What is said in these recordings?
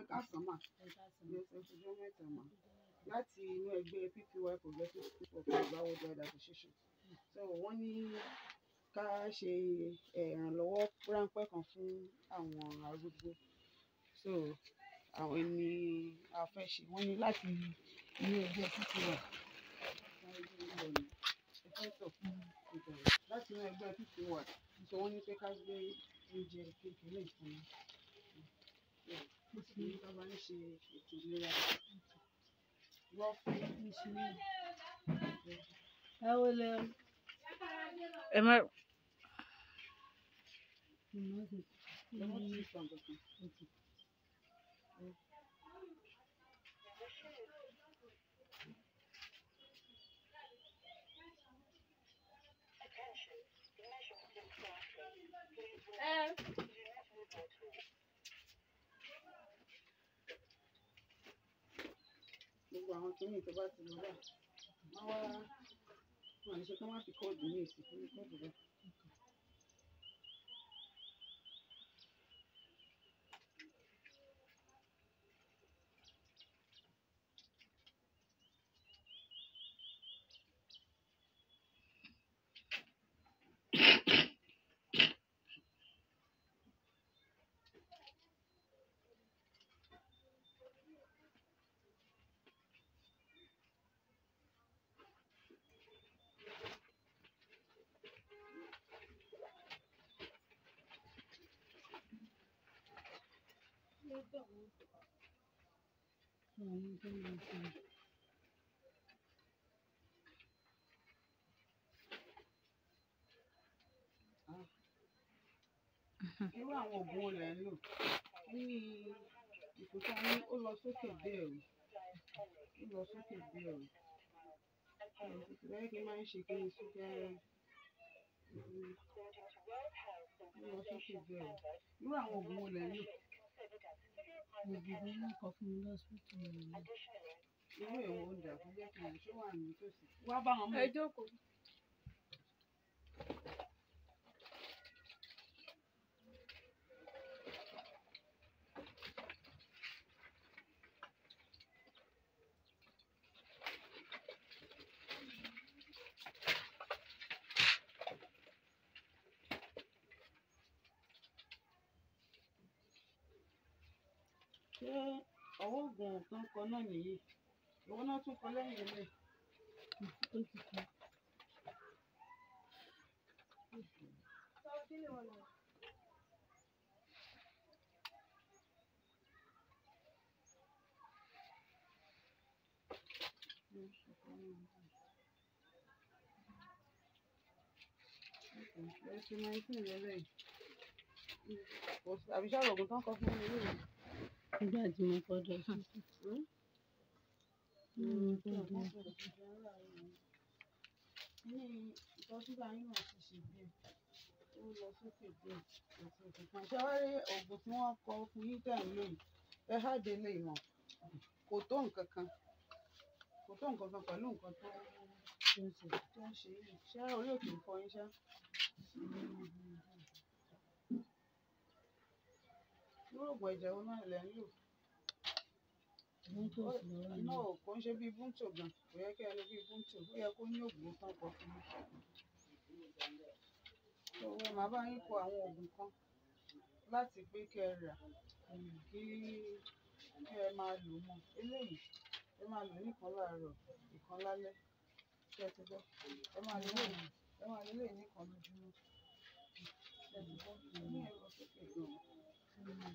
ẹ káàsán mà ẹsẹ̀jọ́ mẹ́ta mà láti inú ẹgbẹ́ PPY Progressive People for Ìgbàwọ̀ Drug Association so wọ́n ní ká ṣe ìrànlọ́wọ́ ráńpẹ́ kan fún àwọn arúgbó so àwọn ni a fẹ́ ṣe wọ́n ní láti inú ẹgbẹ́ PPY láti inú ẹgbẹ́ PPY so wọ́n ní pé ká gbé oúnjẹ kékeré ìfún wọn bàbá Thank you. kínní tó ti lọ báyìí wọ́n wá wọ́n àníṣe kí wọ́n fi kóòdù ní ìsìnkú ní irú àwọn oògùn olè ń lò ní ìfòsá ní ó lọ sókè bẹ́ẹ̀ o ó lọ sókè bẹ́ẹ̀ o bẹ́ẹ̀ kí n máa ń ṣe kí n ṣúgà ó lọ sókè bẹ́ẹ̀ o irú àwọn oògùn olè ń lò. Irú èwo ń Ẹ jókòó. ṣé ọwọ́ ògùn tó ń kọ náà nìyí ìwọ náà tún kọ lẹ́yìn ilé. Àbíṣà ògùn tó ń kọ fún mi lónìí nígbà tí mo hmm. gbọ́dọ̀ hmm, ṣiṣẹ́. oògùn tí wọ́n kọ fún yín tẹ̀ ń ẹ há de lè mọ̀ kò tó nǹkan kan kò tó nǹkan kan pẹ̀lú nǹkan tó ń ṣe yìí ṣé orí òkè ń fọ yín ṣá. oògùn ẹ̀jẹ̀ wo náà lẹ̀ ń lò? náà kò ń ṣe bíi búntò gan kò yẹ kí ẹ lo bíi búntò ó yẹ kó ní oògùn tán pọ̀ fún mi. owó màá bá yín kọ àwọn oògùn kan láti pé kí ẹ rà kí ẹ máa lò mọ́ eléyìí ẹ máa lò nìkan láàárọ̀ ìkan lálẹ́ kí ẹ ti gbọ́ ẹ máa lò lóyún ẹ máa lò lóyún nìkan lójúmọ́ ẹ ti gbọ́ ẹ ní ẹ̀rọ sókè gan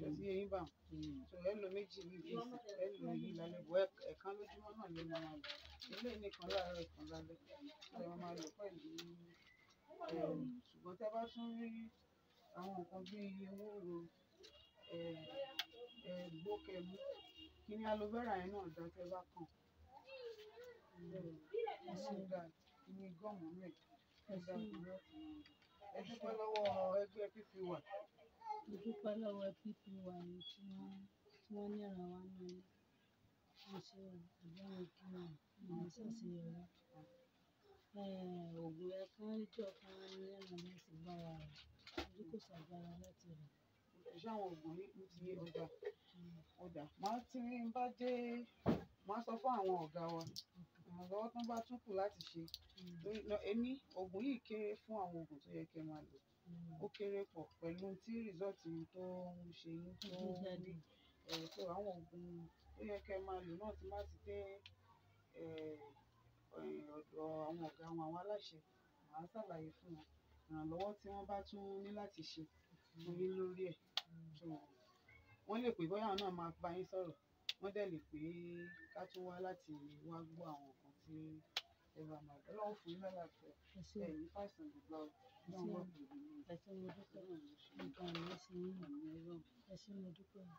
ṣètì eyín bá mm. so ẹ lo méjì níbi ẹ lo èyí lálẹ́ bọ̀ ẹ̀kan lójúmọ́ náà ló máa lò ilé nìkan láàárọ̀ ìkan lálẹ́ ẹ máa lò pẹ̀lú ṣùgbọ́n tẹ́ bá tún rí àwọn nǹkan bíi ewúro gbókẹ̀mú kí ni aloe vera yẹn náà dá tẹ́ bá kàn ẹ sì dá kí ni gọ́ọ̀mù rẹ̀ ẹ dá ìrọ́pù ẹ dúpẹ́ lọ́wọ́ ẹgbẹ́ fífi wà mo dúpẹ́ lọ́wọ́ pípín wa yìí tí wọ́n tí wọ́n ní ara wa náà ní wọ́n ṣe àbáwọn kí wọn ìmọ̀ ṣàṣeyọrí oògùn ẹ kán jọ kán ní ẹ̀rọ láti bára rẹ̀ ojú kò ṣàgbára láti rẹ̀. ẹ ṣáwọn oògùn yìí ló ti yé ọjà ọjà máa tí n bá dé máa sọ fún àwọn ọ̀gá wa ìrànlọ́wọ́ tó bá tún kù láti ṣe hmm. èmi oògùn yìí kéré fún àwọn oògùn tó yẹ kẹ́ máa lò ó kéré pọ̀ pẹ̀lú tí rìsọ́ọ̀tì tó ń ṣe yín tó ń rí so àwọn oògùn tó yẹ kẹ́ máa lò náà ti má ti dé ọ̀dọ̀ àwọn ọ̀gá wọn àwọn aláṣẹ màá ṣàlàyé fún wọn ìrànlọ́wọ́ tí wọ́n bá tún ní láti ṣe lórí lórí ẹ̀ wọ́n lè pè bóyá náà máa bá yín sọ̀rọ̀ wọ́n dẹ̀ lè pè ká tún wá láti wá gbọ́ àwọn nǹkan tí. ọlọ́run